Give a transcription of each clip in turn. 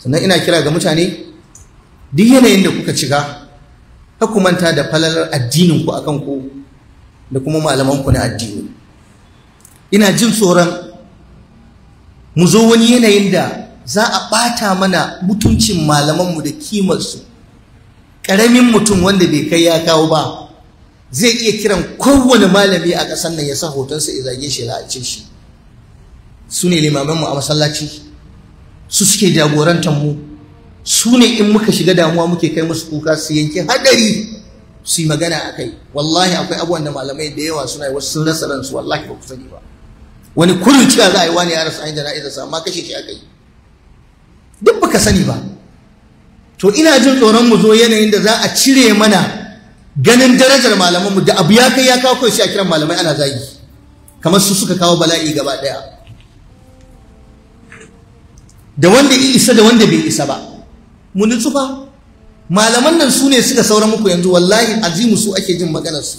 sannan ina kira ga mutane duk yanayin da kuka shiga ku manta da falalar addininku a kanku da kuma malamanku na addini ina jin tsoron mu zo wani yanayin da za a ɓata mana mutuncin malamanmu da kimarsu ƙaramin mutum wanda bai kai ya kawo ba zai iya kiran kowane malami a ƙasar nan ya sa hotonsa ya zage shi ya la'ace shi su ne limamanmu a masallaci su suke jagorantar mu su ne in muka shiga damuwa muke kai musu kuka su yanke hadari su yi magana a kai wallahi akwai abubuwan da malamai da yawa suna yi wasu sun rasa ransu wallahi ba ku sani ba wani kurin cewa za a yi wani ya rasa an jana'izarsa amma kashe shi a yi duk ka sani ba to ina jin tsoron mu zo yanayin da za a cire mana ganin darajar malamanmu da abu ya kai ya kawo kai sai a kiran malamai ana zagi kamar su suka kawo bala'i gaba ɗaya. da wanda ya isa da wanda bai isa ba mu nutsu fa malaman nan su ne suka saura muku yanzu wallahi azimu su ake jin maganar su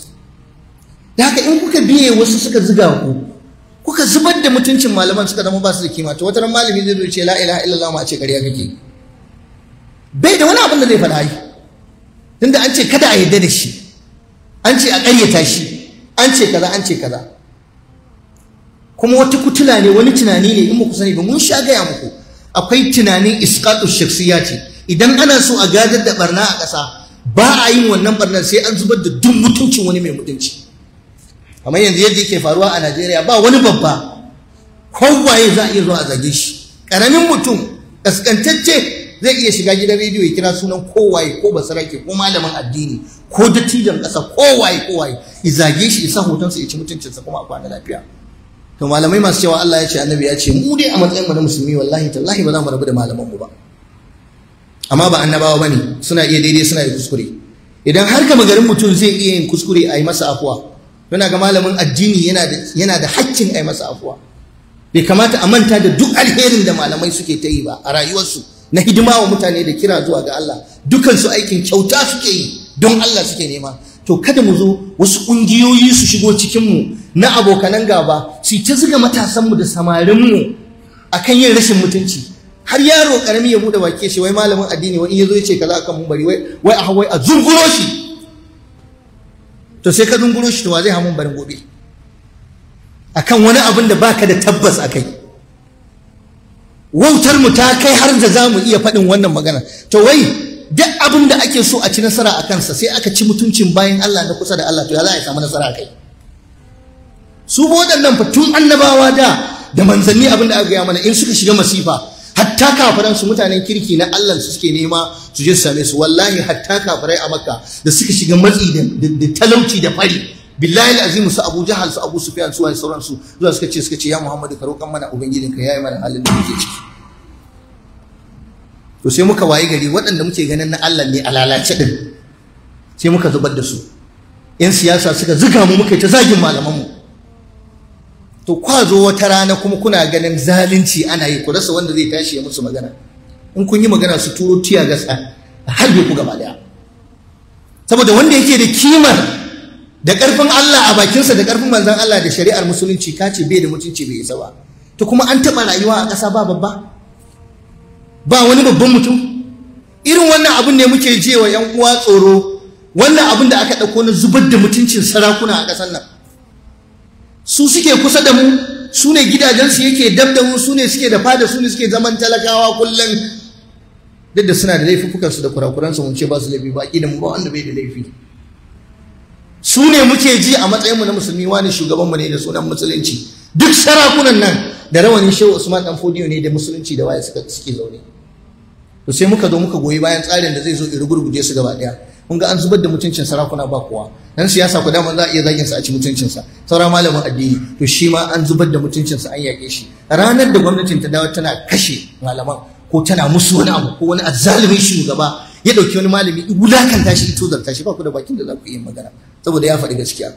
da haka in kuka biye wasu suka ziga ku kuka zubar da mutuncin malaman suka zama ba su da kima to wata ran malami zai ce la ilaha illallah ma ce ƙarya kake bai da wani abin da zai faɗa yi tunda an ce kada a yarda da shi an ce a ƙaryata shi an ce kaza an ce kaza kuma wata kutula ne wani tunani ne in muku sani ba mun sha gaya muku akwai tunanin iskatu shaksiya ce idan ana so a gadar da barna a ƙasa ba a yin wannan barnar sai an zubar da duk mutuncin wani mai mutunci kamar yanzu yadda yake faruwa a najeriya ba wani babba kowaye za a iya zuwa a zage shi ƙaramin mutum ƙasƙantacce zai iya shiga gidan rediyo ya kira sunan kowaye ko basarake ko malamin addini ko dattijan ƙasa kowaye kowaye ya zage shi ya sa hotonsa ya ci mutuncinsa kuma a kwana lafiya to malamai masu cewa Allah ya ce annabi ya ce mu dai a matsayin mu na musulmi wallahi tallahi ba za mu rabu da malaman mu ba amma ba annabawa bane suna iya daidai suna iya kuskure idan har ka garin mutum zai iya yin kuskure a yi masa afuwa yana ga malamin addini yana da yana da haƙƙin a yi masa afuwa bai kamata a manta da duk alherin da malamai suke ta yi ba a rayuwarsu na hidima wa mutane da kira zuwa ga Allah su aikin kyauta suke yi don Allah suke nema to kada mu zo wasu ƙungiyoyi su shigo cikinmu na abokanan gaba su ta zuga matasanmu da samarinmu kan yin rashin mutunci har yaro karami ya bude wake shi wai malamin addini wani ya zo ya ce kaza kan mun wai wai a wai a zunguro shi to sai ka zunguro shi to wa zai hamun barin gobe akan wani abin da baka da tabbas akai wautar mu ta kai har da zamu iya faɗin wannan magana to wai duk abin da ake so a ci nasara a kansa sai aka ci mutuncin bayan Allah na kusa da Allah to ya za a samu nasara akai su waɗannan fattun annabawa da da manzanni abin da aka gaya mana in suka shiga masifa hatta kafaran su mutanen kirki na Allah su suke nema su je su same su wallahi hatta kafarai a makka da suka shiga matsi da talauci da fari billahi azimu su abu jahal su abu sufyan su wani sauran su zuwa suka ce suka ce ya muhammadu ka roƙan mana ubangijinka yayi mana halin da muke ciki to sai muka waye gari waɗanda muke ganin na Allah ne a lalace din sai muka zubar da su yan siyasa suka zuga mu muka ta zagin malaman mu to kwa zo wata rana kuma kuna ganin zalunci ana yi ku rasa wanda zai tashi ya musu magana in kun yi magana su turo tiya gasa a harbe ku gaba daya saboda wanda yake da kimar da karfin Allah a bakinsa da karfin manzon Allah da shari'ar musulunci ka ce bai da mutunci bai isa ba to kuma an taba rayuwa a ƙasa ba babba ba wani babban mutum irin wannan abun ne muke jewa yan uwa tsoro wannan abun da aka ɗauko na zubar da mutuncin sarakuna a ƙasar nan su suke kusa da mu su ne gidajensu yake dab da mu su ne suke da fada su ne suke zaman talakawa kullum duk da suna da laifukansu da kurakuransu mun ce ba su laifi ba da mu ba wanda bai da laifi su ne muke ji a matsayin mu na musulmi wani shugaban mu ne da sunan musulunci duk sarakunan nan da rawanin shehu usman dan fodiyo ne da musulunci da waye suka suke zaune to sai muka zo muka goyi bayan tsarin da zai zo irugurguje su gaba daya kun ga an zubar da mutuncin sarakuna ba kuwa? dan siyasa ku dama za a iya zagin sa a ci mutuncin sa sauran malamin addini to shi ma an zubar da mutuncin sa an yaƙe shi ranar da gwamnatin ta dawo tana kashe malaman ko tana musu wani abu ko wani azzalumin shugaba ya dauki wani malami wulakanta shi ito zarta shi ba ku da bakin da za ku yi magana saboda ya faɗi gaskiya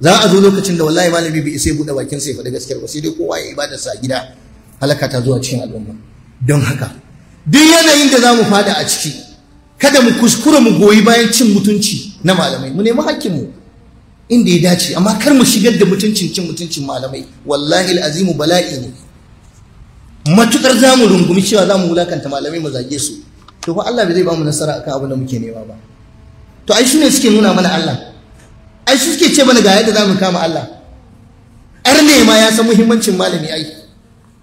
za a zo lokacin da wallahi malami bai isa ya buɗe bakin sa ya faɗi gaskiyar ba sai dai kowa ya ibada sa gida halaka ta zuwa cikin al'umma don haka duk yanayin da za mu fada a ciki kada mu kuskura mu goyi bayan cin mutunci na malamai mu nemi hakkinmu inda ya dace amma kar mu shigar da mutuncin cin mutuncin malamai wallahi azimu bala'i ne matukar za mu rungumi cewa za mu wulakanta malamai mu zage su to fa Allah bai zai ba mu nasara akan abin da muke nema ba to ai shine suke nuna mana Allah ai shi suke ce mana ga yadda za mu kama Allah ar nema ya san muhimmancin malami ai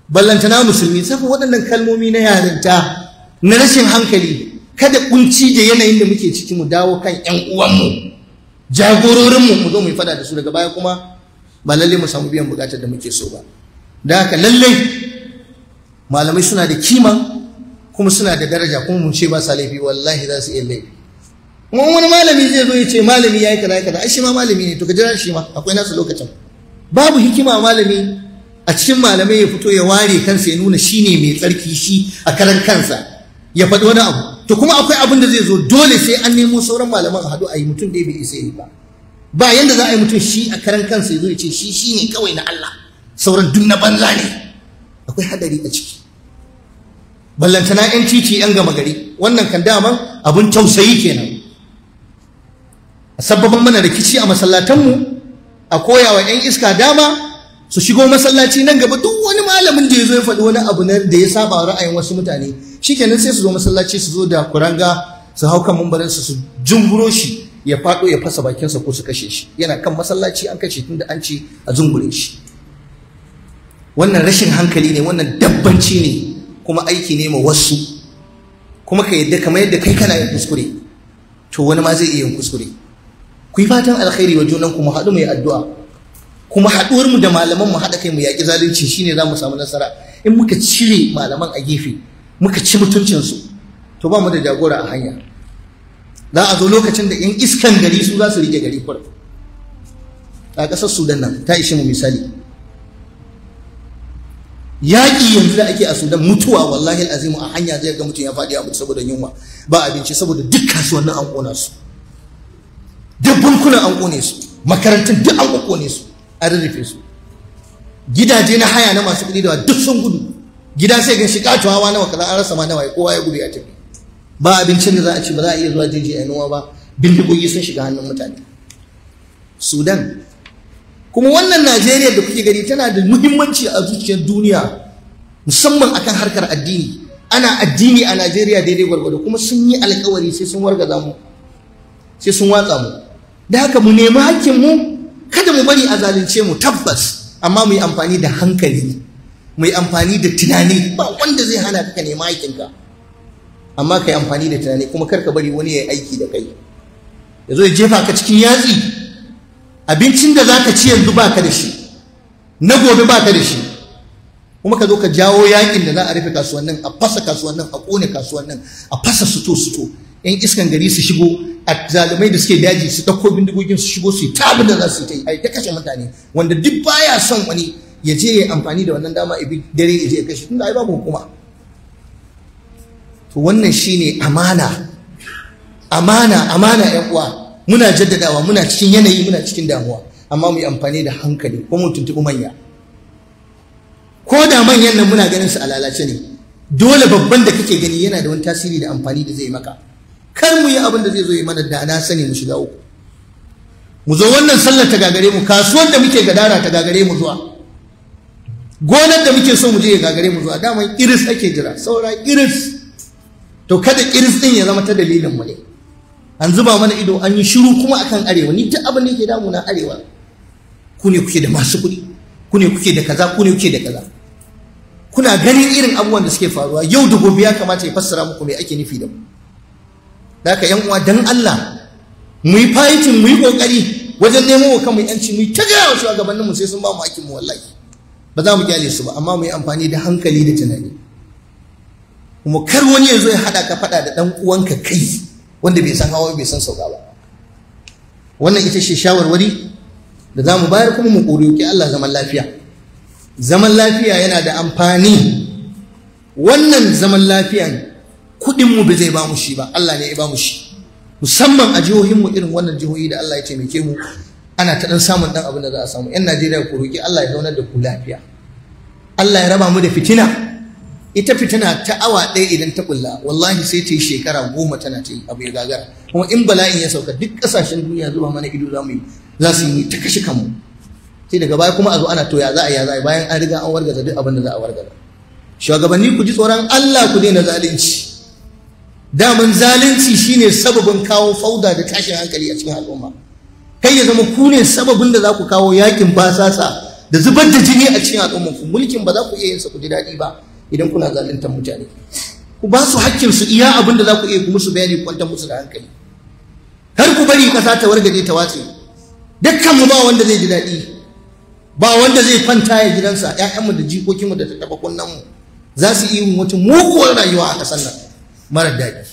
ballantana musulmi sai waɗannan kalmomi na yarinta na rashin hankali kada kunci da yanayin da muke ciki mu dawo kan ƴan uwanmu jagororinmu mu zo mu yi fada da su daga baya kuma ba lalle mu samu biyan bukatar da muke so ba da haka lalle malamai suna da kima kuma suna da daraja kuma mun ce ba sa laifi wallahi za su iya laifi kuma wani malami zai zo ya ce malami ya yi kaza kaza ai shi ma malami ne to ka jira shi ma akwai nasu lokacin babu hikima malami a cikin malamai ya fito ya ware kansa ya nuna shi ne mai tsarki shi a karan kansa ya faɗi wani abu to kuma akwai abin da zai zo dole sai an nemo sauran malaman a haɗu a yi mutum da bai isa yi ba ba yanda za a yi mutum shi a karan kansa ya zo ya ce shi shi ne kawai na Allah sauran duk na banza ne akwai hadari a ciki ballantana yan titi yan gama gari wannan kan daman abin tausayi kenan a mana rikici a masallatanmu a koyawa yan iska dama su shigo masallaci nan gaba duk wani malamin da ya zo ya faɗi wani abu nan da ya saba ra'ayin wasu mutane shikenan sai su zo masallaci su zo da kuranga su hau kan mumbarin su su jumburo shi ya faɗo ya fasa bakinsa ko su kashe shi yana kan masallaci an kashe tunda an ce a zungure shi wannan rashin hankali ne wannan dabbanci ne kuma aiki ne ma wasu kuma ka yadda kamar yadda kai kana yin kuskure to wani ma zai iya yin kuskure ku yi fatan alkhairi wa junanku mu haɗu mu yi addu'a kuma haɗuwar mu da malaman mu haɗa kai mu yaƙi zalunci shine za mu samu nasara in muka cire malaman a gefe muka ci mutuncinsu to ba mu da jagora a hanya za a zo lokacin da yan iskan gari su za su rike gari kwar a ƙasar sudan nan ta ishe mu misali yaƙi yanzu da ake a sudan mutuwa wallahi azimu a hanya zai ga mutum ya faɗi a mutu saboda yunwa ba abinci saboda duk kasuwannin an ƙona su duk bankunan an ƙone su makarantun duk an ƙone su A rarrafe su gidaje na haya na masu kudi da duk sun gudu gida sai ga shiga to hawa nawa kaza an rasa ma nawa kowa ya gudu ya tafi ba abincin da za a ci ba za a iya zuwa jeji a noma ba bindigogi sun shiga hannun mutane sudan kuma wannan najeriya da kuke gani tana da muhimmanci a zuciyar duniya musamman akan harkar addini ana addini a najeriya daidai gwargwado kuma sun yi alkawari sai sun wargaza mu sai sun watsa mu da haka mu nemi hakkin mu kada mu bari a zalunce mu tabbas amma mu yi amfani da hankali mu yi amfani da tunani ba wanda zai hana ka nema aikinka amma ka yi amfani da tunani kuma kar ka bari wani ya yi aiki da kai ya zo ya jefa ka cikin yatsi abincin da za ka ci yanzu ba ka da shi na gobe ba ka da shi kuma ka zo ka jawo yakin da za a rufe kasuwannin a fasa kasuwannin a kone kasuwannin a fasa suto suto yan iskan gari su shigo A zalumai da suke daji su ɗauko bindigogin su shigo su yi ta abin da za su yi ta yi ai ta kashe mutane wanda duk baya son wani ya je ya amfani da wannan dama ibi dare ya je ya kashe tunda ai babu hukuma to wannan shine amana amana amana ƴan uwa muna jaddadawa muna cikin yanayi muna cikin damuwa amma mu yi amfani da hankali ko mu tuntuɓi manya ko da manyan nan muna ganin su a lalace ne dole babban da kake gani yana da wani tasiri da amfani da zai maka kar mu yi abin da zai zo yi mana da na sani mu shiga uku mu zo wannan sallar ta gagare mu kasuwar da muke gadara ta gagare mu zuwa gonar da muke so mu je ya gagare mu zuwa daman iris ake jira saura iris to kada iris din ya zama ta dalilin mu ne an zuba mana ido an yi shiru kuma akan arewa ni duk abin da yake damu na arewa ku ne kuke da masu kuɗi ku ne kuke da kaza ku ne kuke da kaza kuna ganin irin abubuwan da suke faruwa yau da gobe ya kamata ya fassara muku me ake nufi da mu daka yan uwa dan Allah mu yi fayitin mu yi kokari wajen nemo wa kanmu yanci mu ta gaya wa shugabannin mu sai sun ba mu aikin mu wallahi ba za mu kyale su ba amma mu yi amfani da hankali da tunani kuma kar wani ya zo ya hada ka fada da dan uwanka kai wanda bai san hawa bai san sauka ba wannan ita ce shawarwari da za mu bayar kuma mu ki Allah zaman lafiya zaman lafiya yana da amfani wannan zaman lafiyan Kuɗin mu ba zai ba mu shi ba Allah ne ya ba mu shi musamman a jihohin mu irin wannan jihohi da Allah ya taimake mu ana ta dan samun ɗan abin da za a samu ‘yan Najeriya ku roki Allah ya zaunar da ku lafiya Allah ya raba mu da fitina ita fitina ta awa ɗaya idan ta ƙulla wallahi sai ta yi shekara goma tana ta yi abu ya gagara kuma in bala'in ya sauka duk ƙasashen duniya zuwa mana ido za mu yi za su yi ta kashe kanmu sai daga baya kuma a zo ana toya za a ya za bayan an riga an wargaza duk abin da za a wargaza shugabanni ku ji tsoron Allah ku daina zalunci daman zalunci shine sababin kawo fauda da tashin hankali a cikin al'umma kai ya zama ku ne sababin da za ku kawo yakin basasa da zubar da jini a cikin al'umman ku mulkin ba za ku iya yin sa ku ji daɗi ba idan kuna zaluntar mutane ku ba su hakkin su iya abin da za ku iya ku musu bayani kwantar musu da hankali kar ku bari ƙasa ta wargaje ta watse dukkan mu ba wanda zai ji daɗi ba wanda zai kwanta ya gidansa ƴaƴanmu da jikokinmu da tattaɓa mu za su iya yin wata muguwar rayuwa a ƙasar nan mara daɗi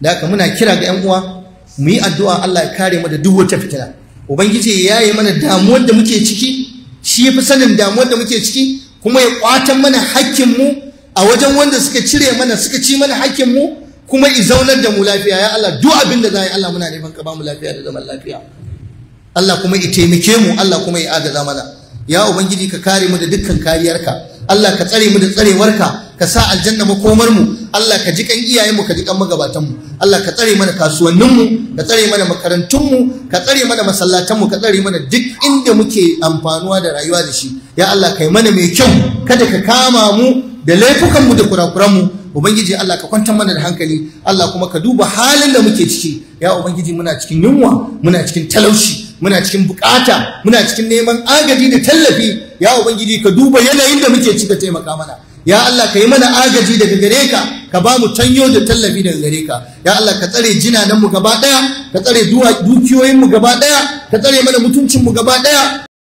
da haka muna kira ga 'yan uwa mu yi addu'a Allah ya kare mu da duk wata fitila. ubangiji ya yi mana damuwar da muke ciki shi fi sanin damuwar da muke ciki kuma ya kwatan mana hakkin mu a wajen wanda suka cire mana suka ci mana hakkin mu kuma i zaunar da mu lafiya ya Allah duk abin da za yi Allah muna neman ka ba mu lafiya da zaman lafiya Allah kuma i taimake mu Allah kuma ya agaza mana ya ubangiji ka kare mu da dukkan kariyarka Allah ka tsare mu da tsarewarka ka sa aljanna makomar mu Allah ka ji kan iyayen mu ka ji kan magabatan mu Allah ka tsare mana kasuwannin mu ka tsare mana makarantun mu ka tsare mana masallatan mu ka tsare mana duk inda muke amfanuwa da rayuwa da shi ya Allah kai mana mai kyau kada ka kama mu da laifukan mu da kurakuran mu ubangiji Allah ka kwantar mana da hankali Allah kuma ka duba halin da muke ciki ya ubangiji muna cikin yunwa muna cikin talauci muna cikin bukata muna cikin neman agaji da tallafi ya ubangiji ka duba yanayin da muke ciki taimaka mana ya Allah ka yi mana agaji daga gare ka ka ba mu tanyo da tallafi daga gare ka ya Allah ka tsare jinanan mu gaba daya ka tsare dukiyoyin mu gaba daya ka tsare mana mutuncin mu gaba daya